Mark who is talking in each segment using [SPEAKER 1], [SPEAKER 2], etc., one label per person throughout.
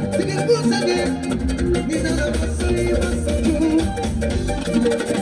[SPEAKER 1] Thank you.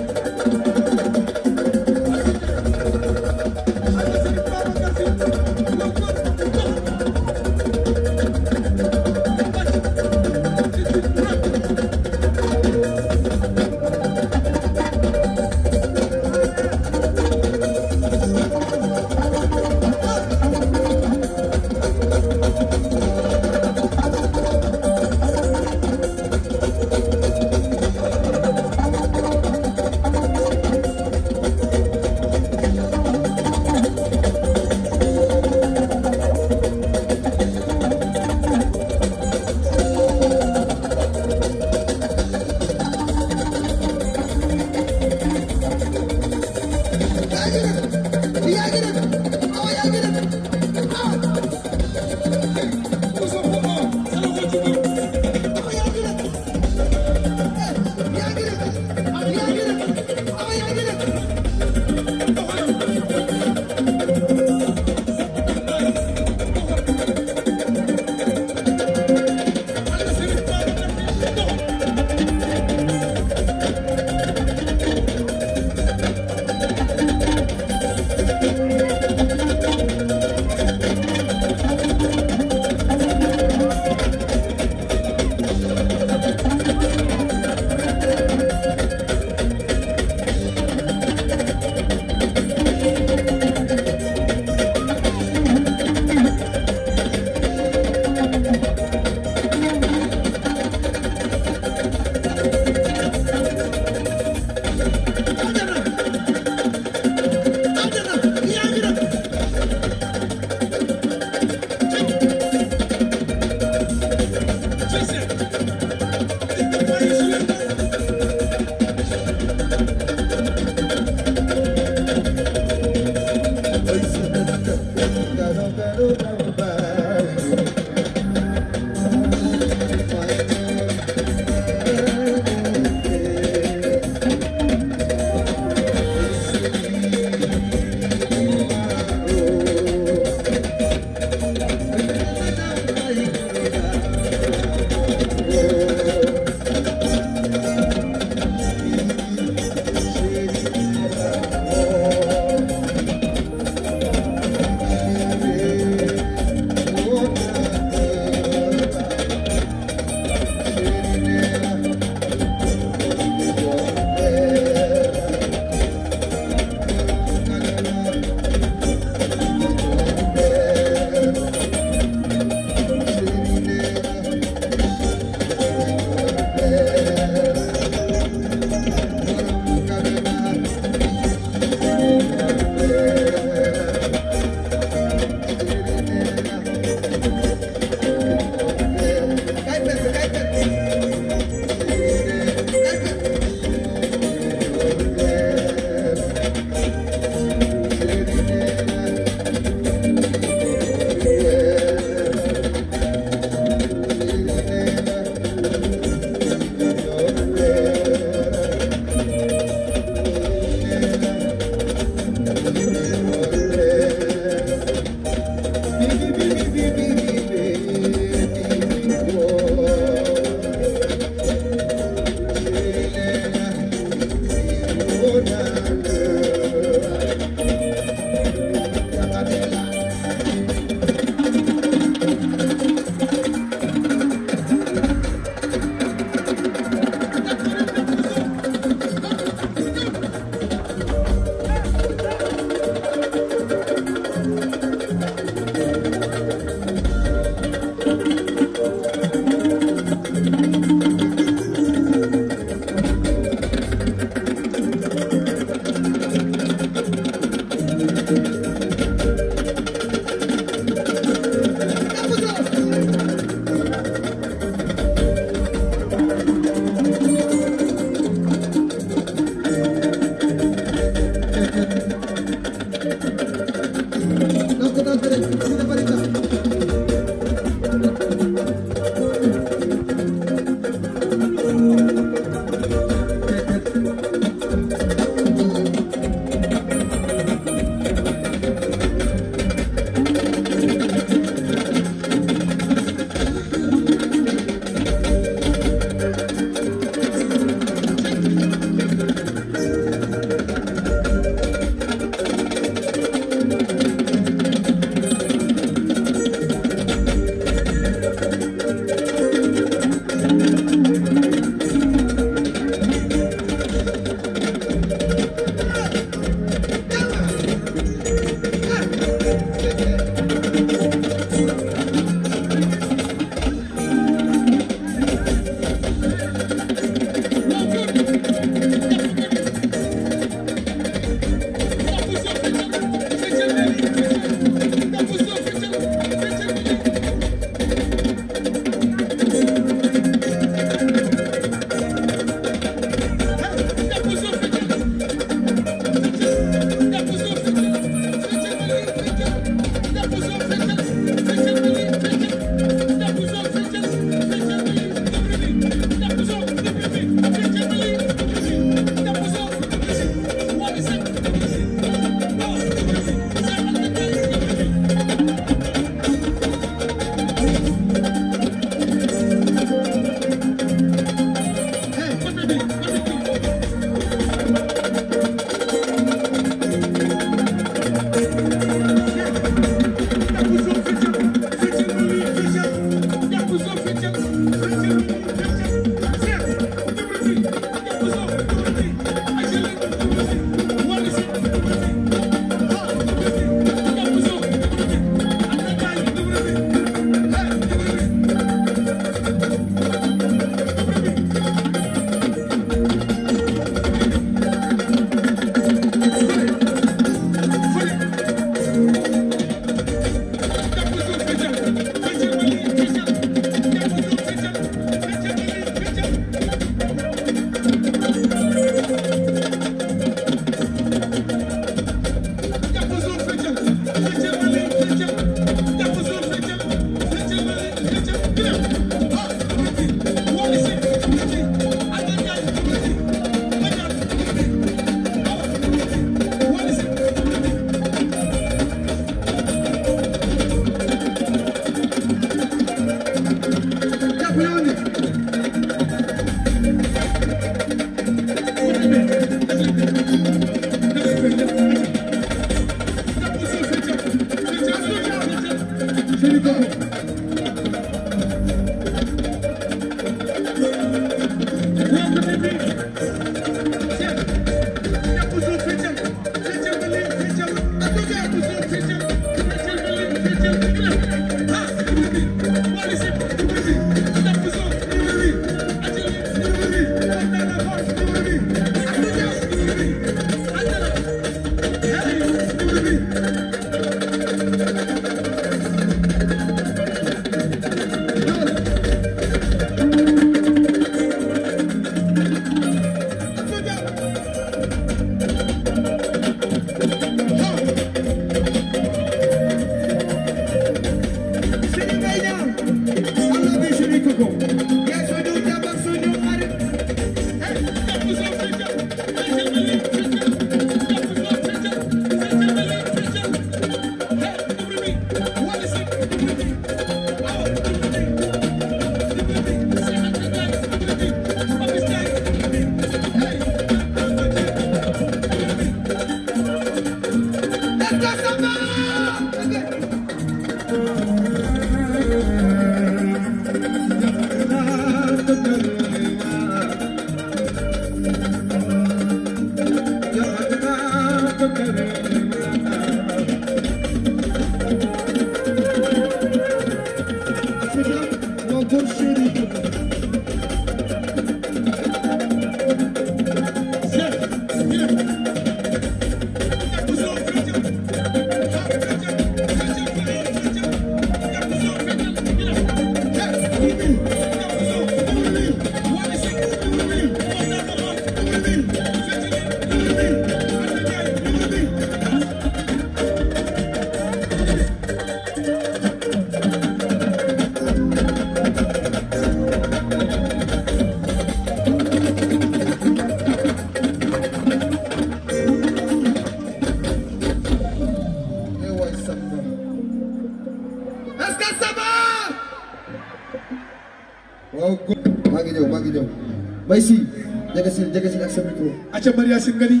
[SPEAKER 2] ca Maria Yacine Ngani.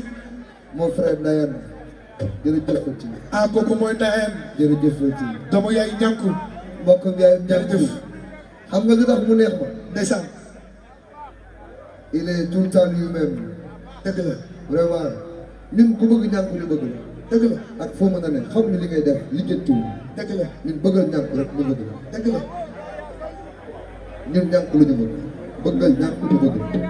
[SPEAKER 2] moo frère Ndayane. jërëjëf Fatick. ah kooku mooy Ndayane. jërëjëf Fatick. doomu yaay ñànku. mbokk yaay ñànku. xam nga lu tax mu neex ma. ndeysaan. il est tout le temps lui-même. dëgg la vraiment ñun ku bëgg ñànku ñu bëgg la. dëgg la ak foo mën a ne xam ni li ngay def li jënd tuuti. dëgg la ñun bëggal ñànku rek ñu bëgg la. dëgg la ñun ñànku lu ñu bëgg bëggal ñànku ñu bëgg.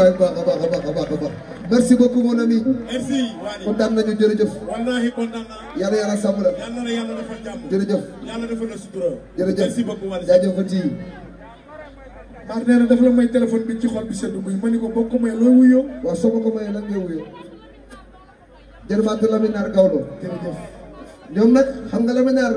[SPEAKER 2] waay baax a baax a baax a baax a baax merci beaucoup mon ami. merci Waly kontaan nañu jërëjëf. wallaahi kontaan naa. yàlla yàlla sàmm la. yàlla na yàlla defal jàmm. jërëjëf. yàlla defal la sutura. jërëjëf merci beaucoup Waly. jaajëfati. Mar nee na dafa la may téléphone bi ci xol bi seddu guy ma ni ko boo ko may loo wuyoo. waaw soo ma ko mayee lan ngay wuyoo. jërëjëf Lamine Nar Gawlo jërëjëf. ñoom nag xam nga Lamine Nar.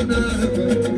[SPEAKER 1] هناك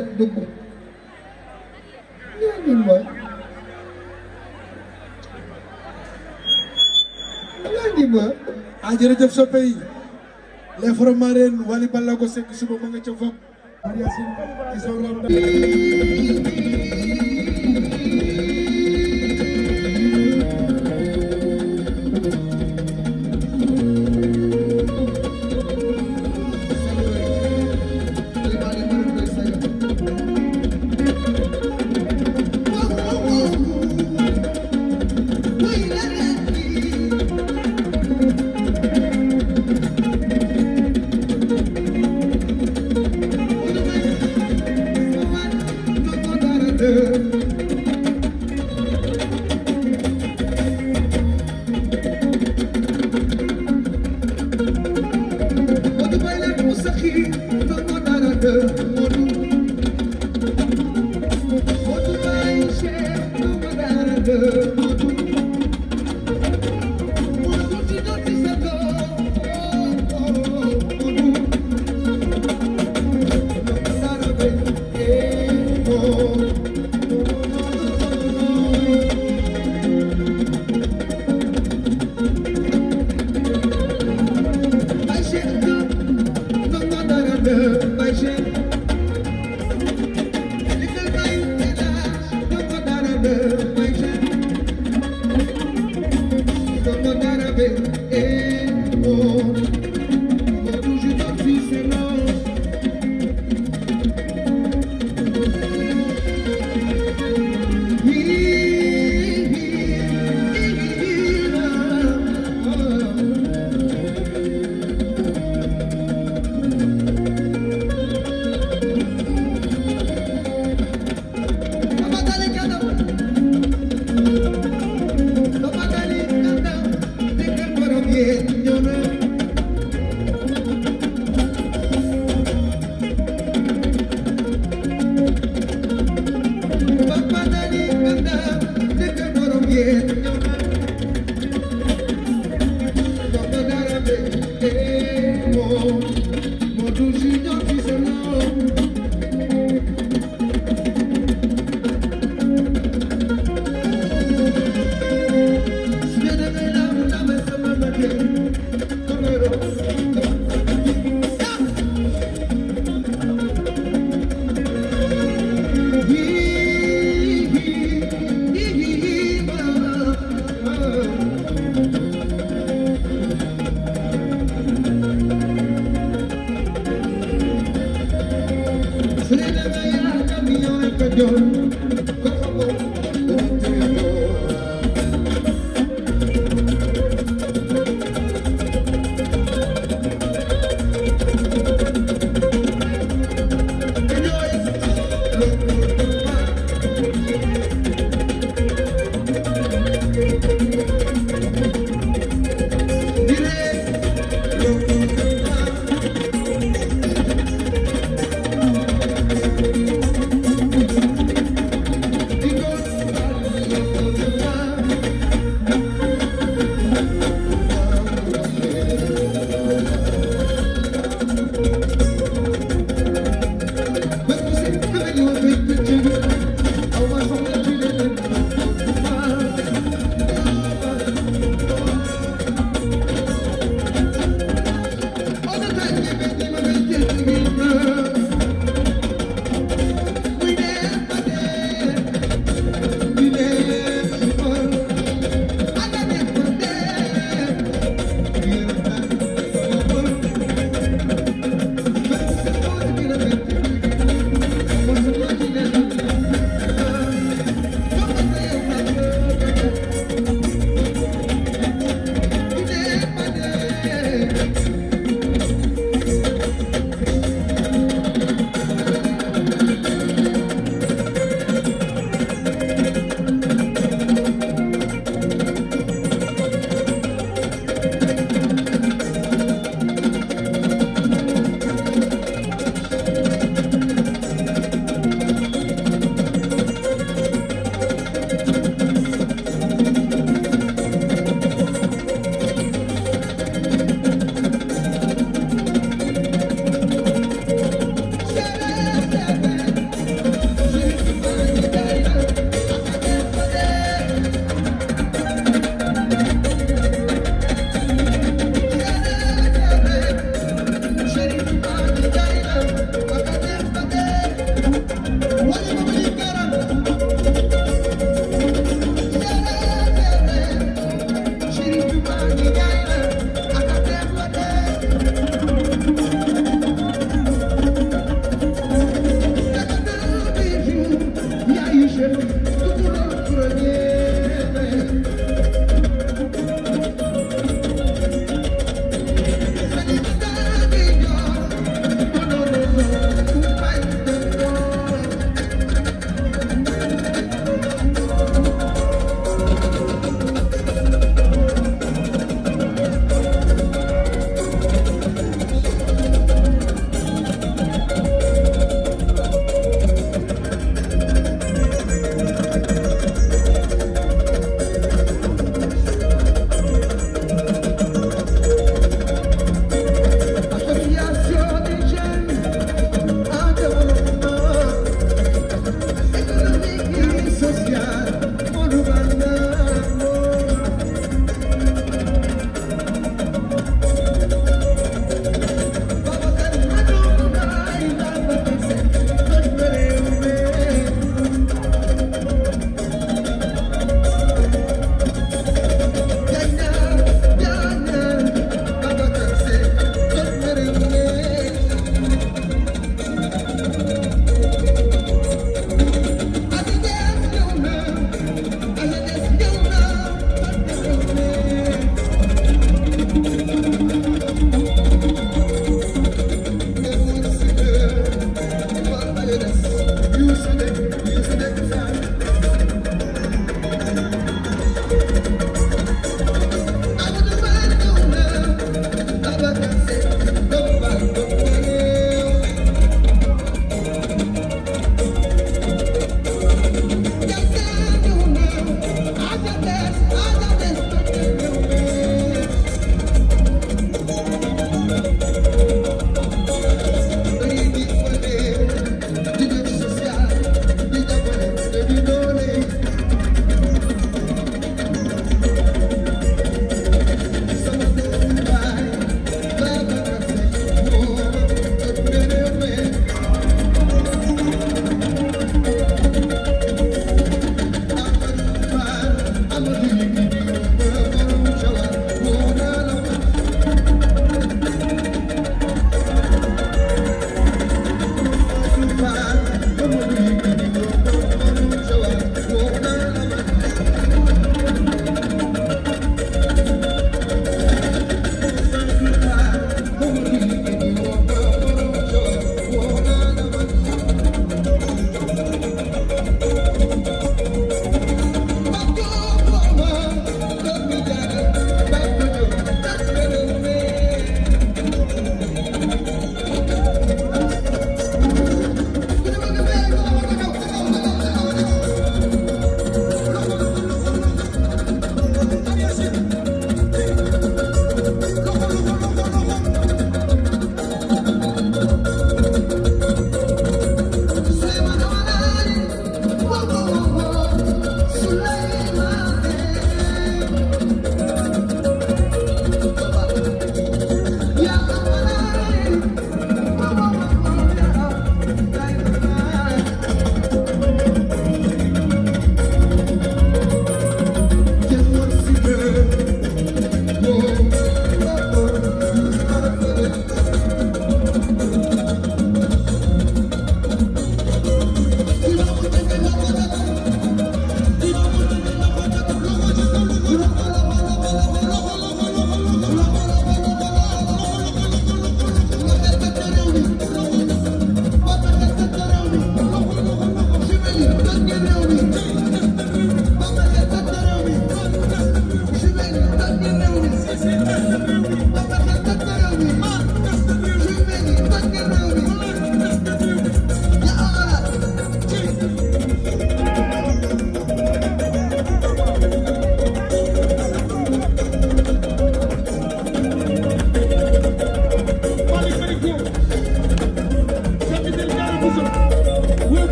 [SPEAKER 2] dugg ñooñu mooy ñooñu mooy. ah jërëjëf
[SPEAKER 3] soppe yi les fromareen Wally Ballago Seck suba ma nga ca Vogue.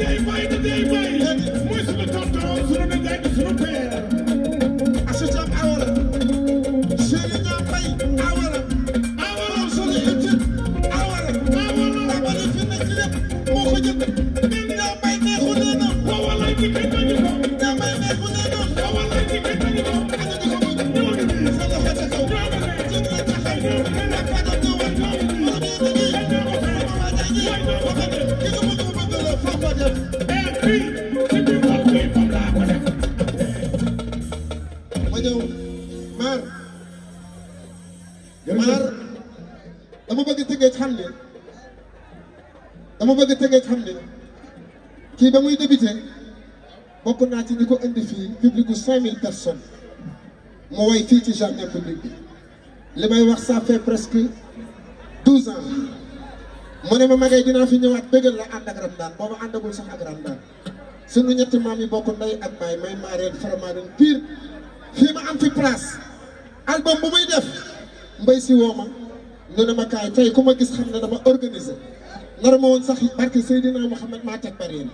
[SPEAKER 4] day fight, the day fight.
[SPEAKER 3] naa ci ñi ko indi fii public bu 5000 personnes mu woy fii ci jardin public bi li may wax ça fait presque 12 ans mu ne ma magay dinaa fi ñëwaat bëggal la ànd ak Ramadaan booba àndagul sax ak Ramadaan suñu ñetti maam yi bokk ndey ak baay may maareen faramaaren pire fii ma am fi place album bu muy def mbay si woo ma ñu ne ma kaay tey ku ma gis xam ne dama organiser nar ma woon sax barke Seydina Mouhamed maa teg bari yi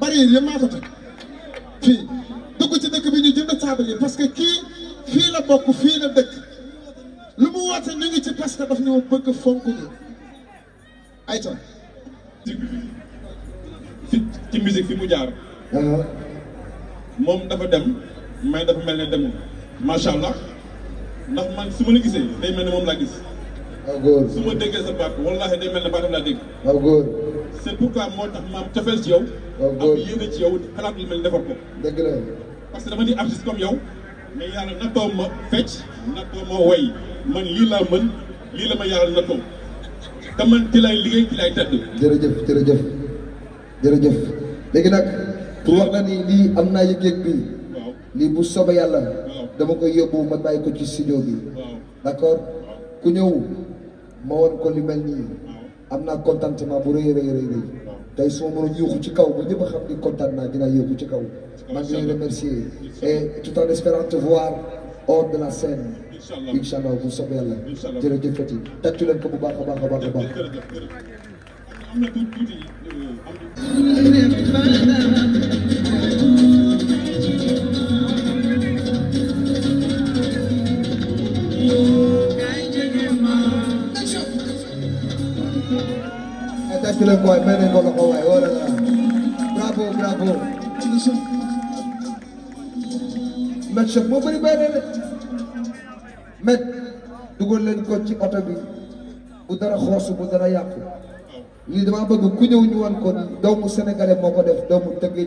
[SPEAKER 3] bari maa ko teg fii dugg ci dëkk bi ñu jënd taabal yi parce que kii fii la bokk fii la dëkk lu mu woote ñu ngi ci parce que daf ñu bëgg fonk ñu
[SPEAKER 4] ay tam ci ci musique fi mu jaar euh. moom dafa dem mais dafa mel ne demul macha allah ndax man su ma la gisee day mel ne moom laa gis waaw góor su ma déggee sa baat wallaahi day mel ne baatam
[SPEAKER 2] naa dégg waaw c'est pourquoi moo tax maam cofeel ci yow. am yéene parce que dama di artiste comme yow mais yàlla nattoo ma fecc nattoo ma woy te man ci lay léegi nag. pour wax na ni lii am naa yëg-yëg bi. waaw bu soobee yàlla. dama koy yóbbu ma bàyyi ko ci studio bi. waaw d'accord ku ñëw ma won ko li mel nii. am naa contentement bu rëy rëy rëy tey su ma mënoon yóoxu ci kaw ba ñëpp xam ni kontaan naa dinaa yóoxu ci kaw maa ngi leen remercier et tout en espérant te voir hors de la scène incha allah bu soobee yàlla jërëjëf Fatick yi tàccu leen ko bu baax a baax a baax a baax. Güle koy bene golo koy ora la. Bravo bravo.
[SPEAKER 1] Çilişim. Met chef moo bëri bene de.
[SPEAKER 2] Met dugal leen ko ci oto bi bu dara xoosu bu dara yàqu. lii dama bëgg ku ñëw ñu wan ko doomu sénégalais moo ko def doomu tëggee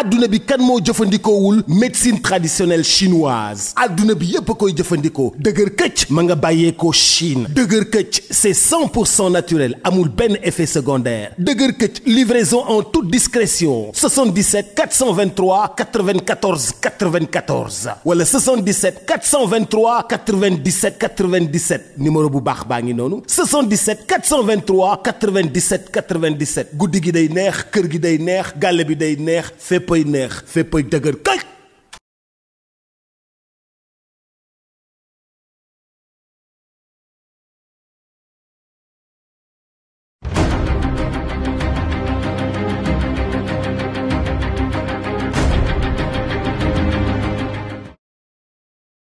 [SPEAKER 5] adduna bi kan moo jëfandikoowul médecine traditionnelle chinoise adduna bi yépp koy jëfandikoo dëgër këcc ma nga bàyyee bàyyeekoo Chine dëgër këcc c'est 100 pour cent naturel amul benn effet secondaire dëgër këcc livraison en toute discrétion 77 423 94 94 wala 77 423 97 97 numéro bu baax baa ngi noonu 77 423 97 97 guddi gi day neex kër gi day neex gàlle bi day neex fépp féppay neex féppay dëgër kay